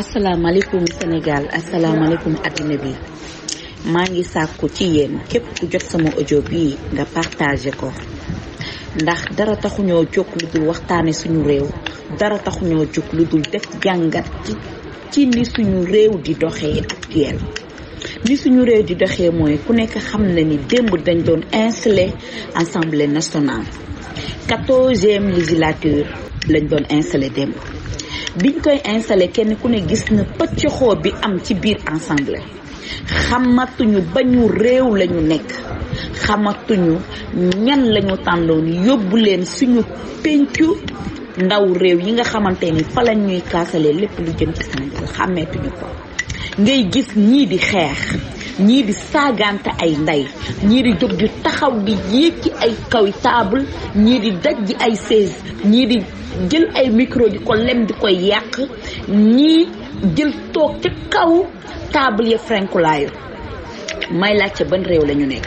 asalaamaaleykum Sénégal asalaamaaleykum adduna bi maa ngi sàkku ci yéen képp ku jot sama audio bii nga partagé ko ndax dara taxuñoo jóg lu dul waxtaane suñu réew dara taxuñoo jóg lu dul def jàngat ci ci ni suñu réew di doxee actuel ni suñu réew di doxee mooy ku nekk xam na ni démb dañ doon installé assemblée nationale quatorzième législature lañ doon installé démb biñ koy installé kenn ku ne gis na pëcc xoo bi am ci biir ensemble xamatuñu ba ñu réew la ñu nekk xamatuñu ñan lañu ñu tàndoon yóbbu leen suñu pencu ndaw réew yi nga xamante ni fa lañ ñuy kaasalee lépp lu jëm ci Sénégal xàmmeetuñu ko ngay gis ñii di xeex ñii di saagante ay ndey ñii di jóg di taxaw di yéeg ci ay kaw taabal ñii di daj ay chaise ñii di jël ay micro di ko lem di koy yàq ñii jël toog ca kaw table ya frankulaayu may laajte ban réew lañu nekk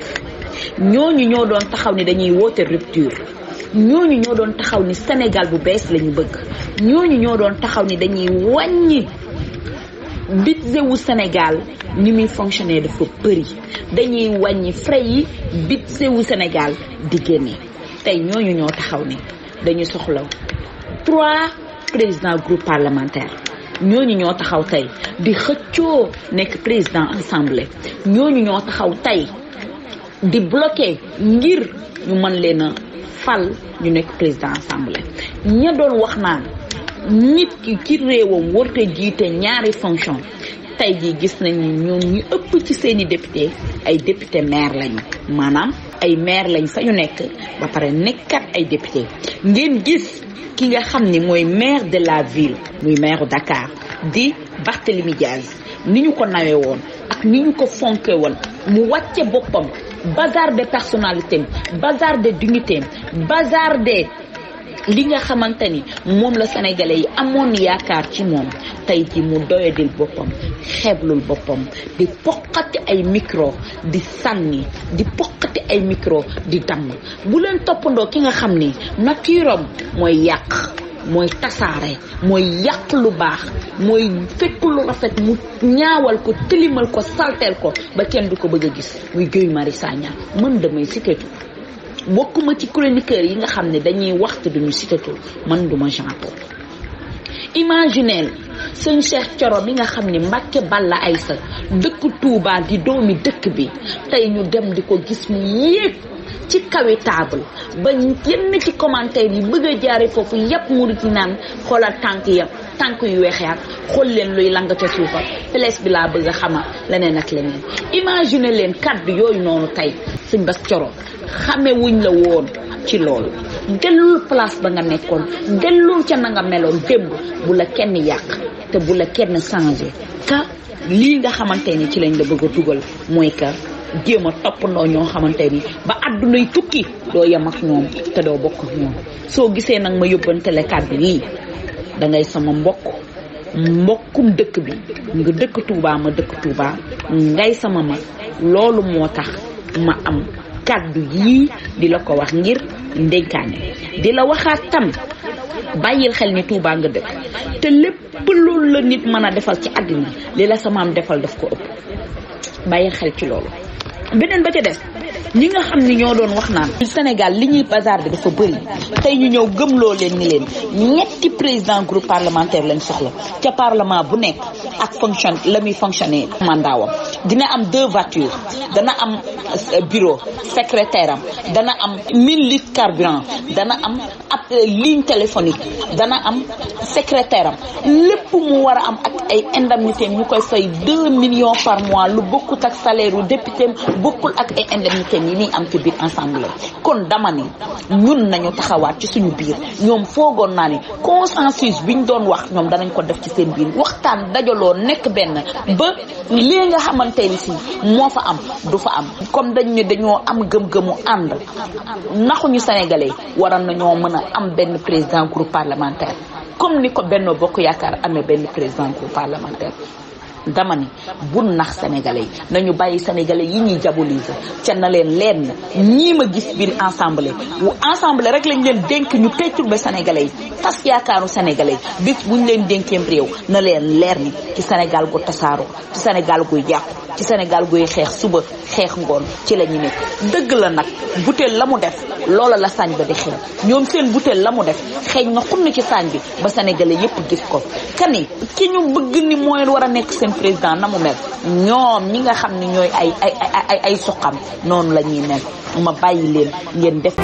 ñooñu ñoo doon taxaw ni dañuy woote rupture ñooñu ñoo doon taxaw ni senegal bu bees la bëgg ñooñu ñoo doon taxaw ni dañuy wàññi bit wu senegal ni muy fonctionner dafa bëri dañuy wàññi frais yi bit sewu senegal di génne tey ñooñu ñoo taxaw ni dañu soxla trois président groupe parlementaire ñooñu ñoo taxaw tey di xëccoo nekk président assemblée ñooñu ñoo taxaw tey di bloqué ngir ñu mën leen a fal ñu nekk président assemblée ña doon wax naan nit ki ci réewam warute jiite ñaari fonction tey jii gis nañu ñoom ñu ëpp ci seeni député ay député maire lañu maanaam ay maire lañ fa ñu nekk ba pare nekkat ay député ngeen gis ki nga xam ni mooy maire de la ville muy maire Dakar di Barthélemy Diaz ni ñu ko nawee woon ak ni ñu ko fonke woon mu wàcce boppam bazar de personnalité bazar de dignité bazar de li nga xamante ni moom la sénégalais yi amoon yaakaar ci moom tey ji mu doyadil boppam xeeblul boppam di poqati ay micro di sànni di poqati ay micro di damm bu leen toppandoo ki nga xam ni naturam mooy yàq mooy tasaare mooy yàq lu baax mooy fekk lu rafet mu ñaawal ko tilimal ko salteel ko ba kenn du ko bëgg a gis muy Guy Marius Sagna mën damay cité bokkuma ci chroniqueur yi nga xam ne dañuy waxtu duñu citato man duma Jean Paul imagineel sëñ Cheikh coro bi nga xam ne Mbàkke Balla Aysa dëkk Touba di doomi dëkk bi tey ñu dem di ko gis mu yéeg ci kawi table ba yenn ci commentaire yi bëgg a jaare foofu yàpp murit yi naan xoolal tànk yam tànk yu weexeat xool leen luy lang ca ko place bi laa bëgg a leneen ak leneen imagine leen kàddu yooyu noonu tey sëñ Bass Coro xame la woon ci loolu dellul place ba nga nekkoon dellul ca na meloon démb bu la kenn yàq te bu la kenn changé ka lii nga xamante ni ci lañ la bëgg a dugal mooy ka jéem a toppandoo ñoo xamante ni ba addunay tukki doo yem ak te doo bokk moom soo gisee nag ma yóbbantele kàddu lii da ngay sama mbokk mbokkum dëkk bi nga dëkk Touba ma dëkk Touba ngay sama mag loolu moo tax ma am kàddu yii di la ko wax ngir ndénkaane di la waxaat tam bàyyil xel ni Touba nga dëkk te lépp loolu la nit mën a defal ci àddina li la sa maam defal daf ko ëpp bàyyil xel ci loolu beneen ba ca des ñi nga xam ni ñoo doon wax naan Sénégal li ñuy bazar bi dafa bëri tey ñu ñëw gëm loo leen ni leen ñetti président groupe parlementaire lañ soxla ca parlement bu nekk ak fonction la muy fonctionner mandaawam dina am deux voitures dana am euh, bureau secrétaire am dana am mille litres carburant dana am ab euh, ligne téléphonique dana am secrétaire am lépp mu war a am ak ay indemnité ñu koy fay 2 million par mois lu bokkut ak salaire u député bokkul ak ay indemnité yi ñuy am ci biir ensemble kon dama ni ñun nañu taxawaat ci suñu biir ñoom foogoon naa ni consensus bi ñu doon wax ñoom danañ ko def ci seen biir waxtaan dajaloo nekk benn ba lii nga xamante ni si moo fa am du fa am comme dañ ne dañoo am gëm-gëmu ànd naxuñu sénégalais waroon nañoo mën a am benn président groupe parlementaire comme ni ko Benno Bokk Yaakaar amee benn président groupe parlementaire dama ni bu nax sénégalais yi nañu bàyyi sénégalais yi ñuy diaboliser ca na leen leen ñii ma gis biir assemblée wu assemblée rek lañ leen denk ñu perturber sénégalais yi tas yaakaaru sénégalais yi bis bu ñu leen dénkeem réew na leen leer ni ci sénégal gu tasaaroo ci sénégal guy yàqu ci sénégal guy xeex suba xeex ngoon ci la ñu nekk dëgg la nag butéel la mu def loola la saañ ba di xeeñ ñoom seen butéel la mu def xeeñ na xummi ci saañ bi ba sénégalais yëpp gis ko kani ki ñu bëgg ni mooy war a nekk seen président na mu mel ñoom ñi nga xam ni ñooy ay ay ay ay noonu la ñuy mel ma bàyyi leen ngeen def